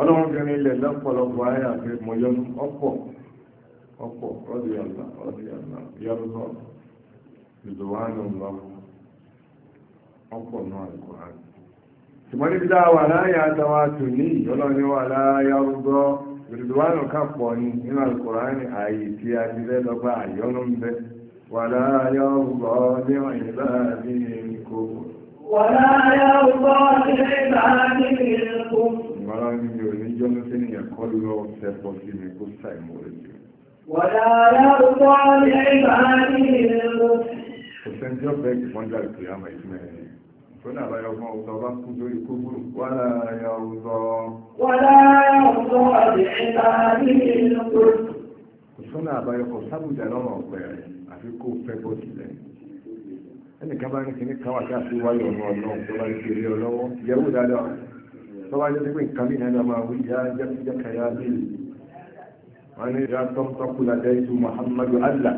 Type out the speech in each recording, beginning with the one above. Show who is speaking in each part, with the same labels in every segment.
Speaker 1: ọlọ́run fi ní ilẹ̀ lọ́pọ̀lọpọ̀ ayà pé mo yọnu ọ̀pọ̀ ọ̀pọ̀ ọdí ọ̀la ọdí ọ̀la yọrùsọ ìdòwánù lọ ọ̀pọ̀ náà ẹ̀kọ́ àti. ṣùgbọ́n níbi tá a wà láyà àtàwọn àtúní ọlọ́ni wà láyà rúgbọ́ ìdòwánù kàpọ̀ ni nínú Al-Kùránì ààyè tí a ti fẹ́ àyọ́nú ń bẹ wà láyà rúgbọ́ ní ìbá àbí kò.
Speaker 2: wà láyà rúgbọ́ ní ìbá àbí kò
Speaker 1: ara ní mi ò ní jọ́nú sí ènìyàn kọ́ lọ tẹ́pọ̀ sí mi kó sàìmọ̀ rẹ̀ jù.
Speaker 2: Wàdà aláàrùkọ́ ní ẹgbà ní ìlú.
Speaker 1: Kò sẹ́ńtì ọ̀bẹ ìfọ́njà ìpè àmà ìtumẹ̀ ẹni. Fúnà àbáyọ ọmọ ọ̀tọ̀ bá kú lórí kúrú wà láàárín ọ̀rọ̀.
Speaker 2: Wà láàárín ọ̀rọ̀ àti ẹgbà ní ìlú.
Speaker 1: Kò sọ́nà àbáyọ kọ̀ sábùjà lọ́rọ̀ ọ̀pẹ rẹ̀ àfi kó fẹ́ bọ́ sílẹ̀ ẹnìkan bá ní kíní kan wà káàkiri wáyé ọ̀nà ọ̀nà ọ̀pọ̀ bá ń kiri ọ tó wá jẹ́ pé nǹkan mìíràn lọ máa wí ya jẹ́ jẹ́ kẹyà bíi wọ́n ní ìyá tó ń tọ́kù ládẹ́ ju muhammadu allah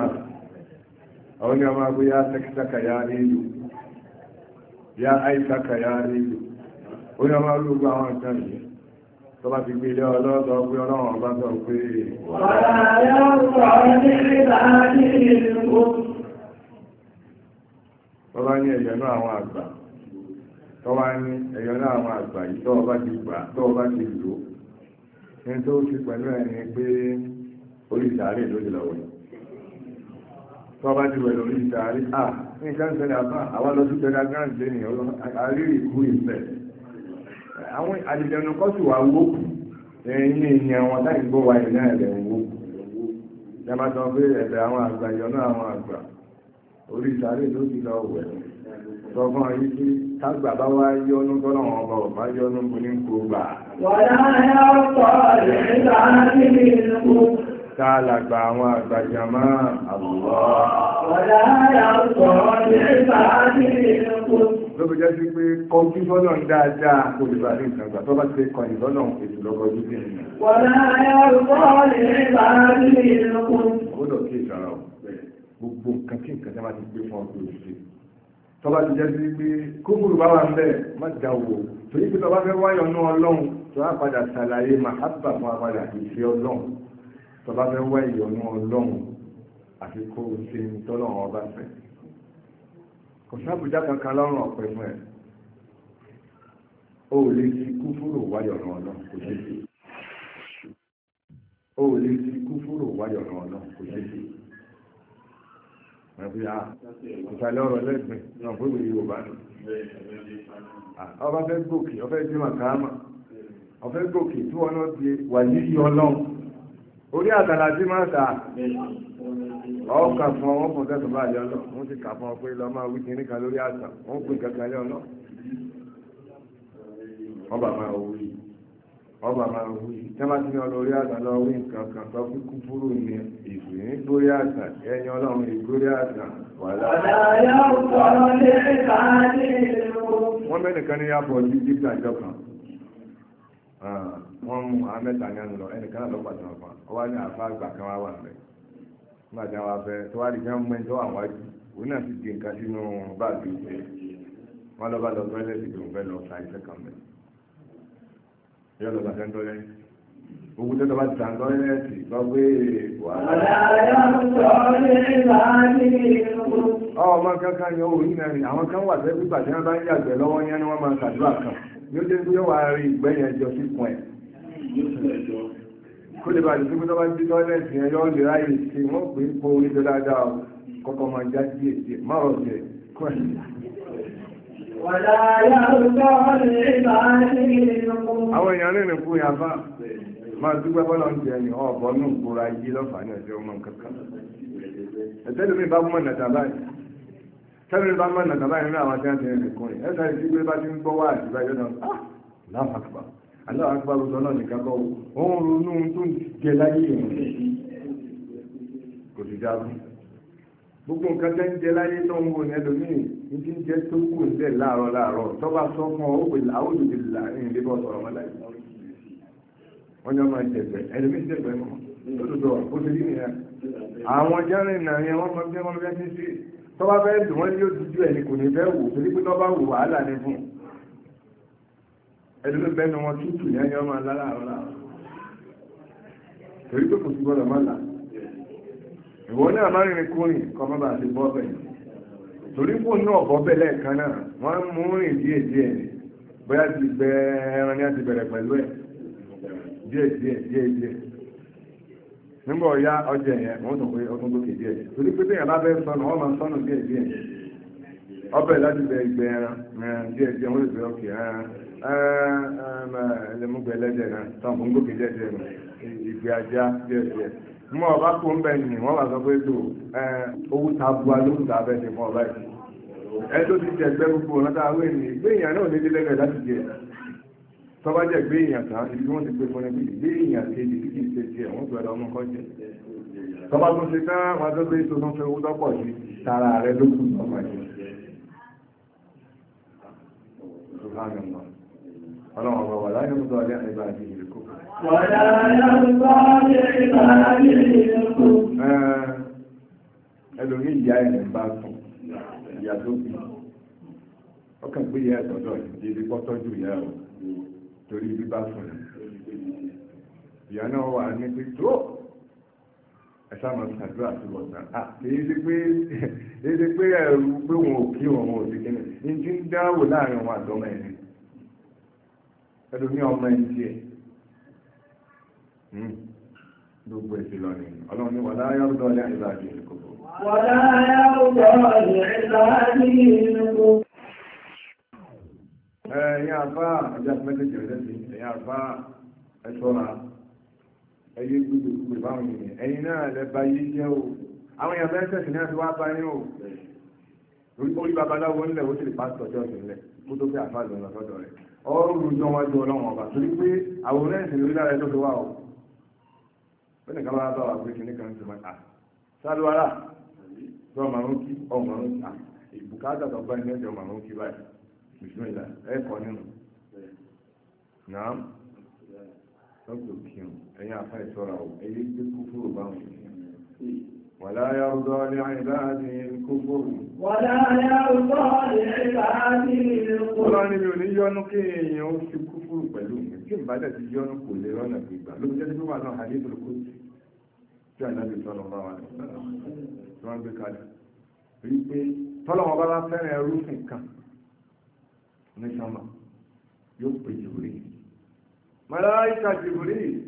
Speaker 1: ah. àwọn ni a máa wí ya sẹ́kítà kẹyà nílùú ya àìsà nílùú ó ní a máa lóògbé àwọn nǹkan yìí tó bá ti gbé ilé ọlọ́dọ̀ pé ọlọ́run ọba sọ pé wàhálà yóò ní ẹ̀yẹ̀ náà àwọn àgbà ní ẹ̀yọ́ náà àwọn àgbà yìí tọ́ ọba ti gbà tọ́ ọba ti lò ní tó ti pẹ̀lú ẹni pé orí ìsàárè lọ́wọ́ tọ́ ọba ti ní ìjánsẹ̀lẹ̀ àbá àwa lọ sí pẹ̀lú agbáǹsì lẹ́nìí àárí ìkú ìfẹ́ àwọn orí sàárè ló ti lọ wẹ̀ sọ fún ayé tí tágbà bá wá yọnu tọ́nà wọn bọ̀ bá yọnu bu ní kó gbà.
Speaker 2: wọ́n yá pọ̀ nígbà tí mi kú.
Speaker 1: Tààlàgbà àwọn àgbàjà máa àwùwọ́.
Speaker 2: Ọ̀dá yà sọ nígbà tí mi kú.
Speaker 1: Ló jẹ́ sí pé kọjú gbogbo nǹkan tí nǹkan tí wọ́n ti gbé fún ọdún òṣèlú tọ́ba ti jẹ́ sí pé kókòrò bá wà ń bẹ̀ má dà wò torí pé tọ́ba fẹ́ wáyọ̀ ní ọlọ́run tó wá padà ṣàlàyé màhábà fún apadà ìfẹ́ ọlọ́run tọ́ba fẹ́ wáyọ̀ ní ọlọ́run àfi kó o ṣe ń tọ́lọ́run ọba fẹ́ kò sábùjá kankan lọ́rùn ọ̀pẹ fún ẹ̀ o ò lè fi kúfúrò wáyọ̀ ní ọlọ́run kò ṣe é o ò lè fi kúfúrò wáyọ̀ ní ọlọ́run kò ṣe é ẹ̀fí à ah, ìsàlẹ̀ ọ̀rọ̀ lẹ́gbẹ̀ẹ́ náà fún ìwé yorùbá nù. Ah, ọba fẹ́ gòkè ọfẹ́ jí màkàámà ọfẹ́ gòkè tí wọn náà ti wà níyì ọlọ́run orí àtàlà tí máa ta ọkà fún ọ wọn fún tẹsán bá yọ lọ wọn ti kà fún ọ pé lọ máa wí kíní kan lórí àtà wọn pè kankan lé ọ lọ wọn bàbá òwúrì ọba máa ń wí tẹ́lá tí ní ọlọ́rí àgbà lọ wí nǹkan kan tó fi kú fúrú ní ìlú ní lórí àgbà ẹni ọlọ́run ní lórí wà láàárín. wọ́n mẹ́rin ní yàbọ̀ sí jíjà ìjọ kan wọ́n mú amẹ́ta ní àná lọ ẹnìkan náà lọ pàtó wọn pa ọwọ́ ní àfa àgbà kan wá wà mẹ́ nígbà tí wọ́n fẹ́ tó wá di fẹ́ mú ẹni tó wà òun náà ti di nǹkan sínú báàgì ìṣe wọ́n lọ bá lọ tọ́lẹ́tì tó ń fẹ́ lọ ka kan mẹ́rin yóò bàtà ń tọ́ owó tó tọ́ba tà ń tọ́ lẹ́yìn lọ gbé wàhálà. ọ̀làyà ń sọ nígbà ní ìlú. ọmọ kankan yẹn òun náà ni àwọn kan wà sẹ́ pípa tí bá ń yàgbẹ́ lọ́wọ́ yẹn ni wọ́n máa ṣàdúrà kan yóò dé bí wá rí ìgbẹ́ yẹn jọ sí kun ẹ̀. kó lè bàjẹ́ pípẹ́ tọ́ba tí tọ́lẹ́tì yẹn yọ lè ráyè sí wọ́n pè é po orí tó dáadáa kọ́kọ́ máa já
Speaker 2: Àwọn èèyàn lè rìn fún ìyàbá
Speaker 1: máa dúpẹ́ bọ́lá ń jẹ ẹni ọ̀bọ̀ ní ìgbòrò ayé lọ́fàá ní ọjọ́ ọmọ kankan. Ẹ̀tẹ́lú bá mọ̀ nàdà báyìí. àwọn akẹ́kọ̀ọ́ àti báyìí lọ́nà. Láwọn gbogbo nǹkan tẹ́ ń jẹ láyé tó ń wò ní ẹlòmíì ní ti ń jẹ tó kù ń bẹ̀ láàárọ̀ láàárọ̀ tọ́ba sọ fún ọ ó pè láwùjọ ti là ní ilé bọ́ sọ̀rọ̀ wọn láyé wọ́n yọ máa jẹ̀fẹ̀ ẹlòmíì jẹ̀fẹ̀ mọ́ lódodo ó ti rí nìyẹn àwọn jẹ́rìn náà yẹn wọ́n máa bí wọ́n fẹ́ tọ́ba fẹ́ dùn wọ́n yóò dúdú ẹ̀ ní kò ní fẹ́ wò torí pé tọ́ba wò wàhálà ní fún ẹlòmíì bẹ́ẹ̀ ni wọ́n tútù yẹn yọ máa lálàárọ̀ láàárọ̀ torí pé kò sí gbọ́dọ̀ má làá ìwọ onye má rìnrìn kúrìn kọmọ bá torí kò náà bọ́ lẹ́ẹ̀kan náà wọ́n ń mú rìn díẹ̀ díẹ̀ bóyá ti gbẹ ẹran ní àti bẹ̀rẹ̀ pẹ̀lú ẹ̀ díẹ̀ díẹ̀ díẹ̀ díẹ̀ nígbà ọ̀yá ọjà ẹ̀yẹ wọ́n tó pé ọdún lókè díẹ̀ torí pé bẹ́ẹ̀ bá sọnù wọ́n máa sọnù díẹ̀ díẹ̀ ọbẹ̀ láti bẹ gbẹ ẹran díẹ̀ díẹ̀ wọ́n lè ọkẹ́ ẹran náà gòkè díẹ̀ díẹ̀ ìgbé ajá díẹ̀ díẹ̀ mọ ọba kó ń bẹ ní wọn bá sọ pé tó owó ta bu alóhùn tá a fẹ́ ṣe fún ọba yìí ẹ tó ti jẹgbẹ́ gbogbo ọ̀nà tá a wé ní gbé èèyàn náà ní délẹ́gbẹ̀ láti jẹ tọ́ba jẹ gbé èèyàn tán ibi wọ́n ti gbé fún ẹbí gbé èèyàn kejì tí kì í ṣe tiẹ̀ wọ́n gbẹ̀rẹ̀ ọmọ kan jẹ tọ́ba tó ṣe tán wọn tó gbé tó tó fẹ́ owó tọ́pọ̀ sí tara rẹ ló kù ọmọ yìí ọlọ́run ọ̀rọ̀ wà láyé mú Ẹlòmí ìyá ẹ̀rẹ̀ bá sùn, ìyá tó bí. Ọkàn pé ìyá ẹ̀tọ́jọ́ ìdílé pọ́tọ́jú ìyá ọ̀ torí bí bá sùn. Ìyá náà wà ní pé tó ẹ̀sá máa ṣàdúrà sí ọ̀sán. Èyí ti pé ẹ̀rù pé wọn ò kí wọn wọn ò sí kíni. Ní ti ń dáwò láàrin wọn àtọ́mọ ẹ̀rin. Ẹlòmí ọmọ ẹni tiẹ̀. Hmm. gbogbo èsì ni ọlọ́run ni wàlá yọ́rùdọ́ ilẹ̀ ìlàjì ìlúkòkò
Speaker 2: wàlá yọ́rùdọ́ ilẹ̀ ìlàjì ìlúkòkò
Speaker 1: ẹ̀yìn ẹ̀yìn àfá ẹ̀ṣọ́ra ẹ̀yẹ gbogbo ẹ̀yìn àwọn èèyàn mẹ́tẹ̀ sí náà ti wá bá yín orí babaláwo ńlẹ̀ ó sì lè pásítọ̀ jọ́ọ̀sì ńlẹ̀ kó tó fẹ́ àfá lọ́nà sọ́dọ̀ rẹ̀ ọ́ ó nìkan bá bá wà pé kìnnì kan ti máa sálúwárà tó ọmọ àwọn kí ọmọ àwọn kí ah, ìbùkátà tó bá ẹni ẹjọ ọmọ àwọn kí báyìí bìsúmọ̀ ìlà ẹ̀kọ́ nínú ولا يرضى لعباده الكفر
Speaker 2: ولا يرضى لعباده الكفر ọlọ́run
Speaker 1: ni mi ò ní yọ́nú kí èèyàn ó fi kúfúrú pẹ̀lú mi kí n bá dẹ̀ ti yọ́nú kò lè rọ́nà gbígbà ló jẹ́ nígbà náà hadithul qudsi tí ànábì sọ́nà bá wà tí wọ́n gbé kalẹ̀ rí pé tọ́lọ́wọ́ bá bá fẹ́ràn ẹrú nìkan ní sọ́mà yóò pè jùbìrì màláíkà jùbìrì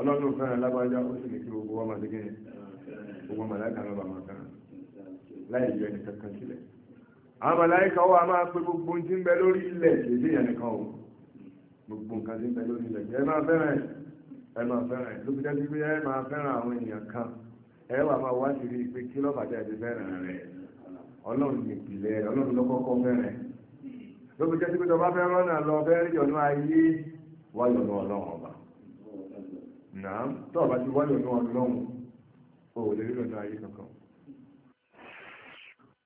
Speaker 1: ọlọ́run fẹ́ràn lágbájá ó sì ní kí gbogbo ọmọ sí gíní gbogbo màláìka lọ́ba máa fẹ́ràn láì yọ ẹnì kankan sílẹ̀ àwọn màláìka ó wà máa pe gbogbo ohun tí ń bẹ lórí ilẹ̀ èdè yẹn nìkan o gbogbo nǹkan tí ń bẹ lórí ilẹ̀ ẹ máa fẹ́ràn ẹ ẹ máa fẹ́ràn ẹ lóbi dájú pé ẹ máa fẹ́ràn àwọn èèyàn kan ẹ wà máa wá sí rí kí lọ́ba jẹ́ fẹ́ràn rẹ ọlọ́run nìpìlẹ̀ ọlọ́run lọ́kọ́kọ́ fẹ́ràn lóbi dájú pé tọ́ náà tọ́ọ̀bá ti wáyọ̀
Speaker 2: ní ọlọ́run ò lè rí lọ́nà ayé kankan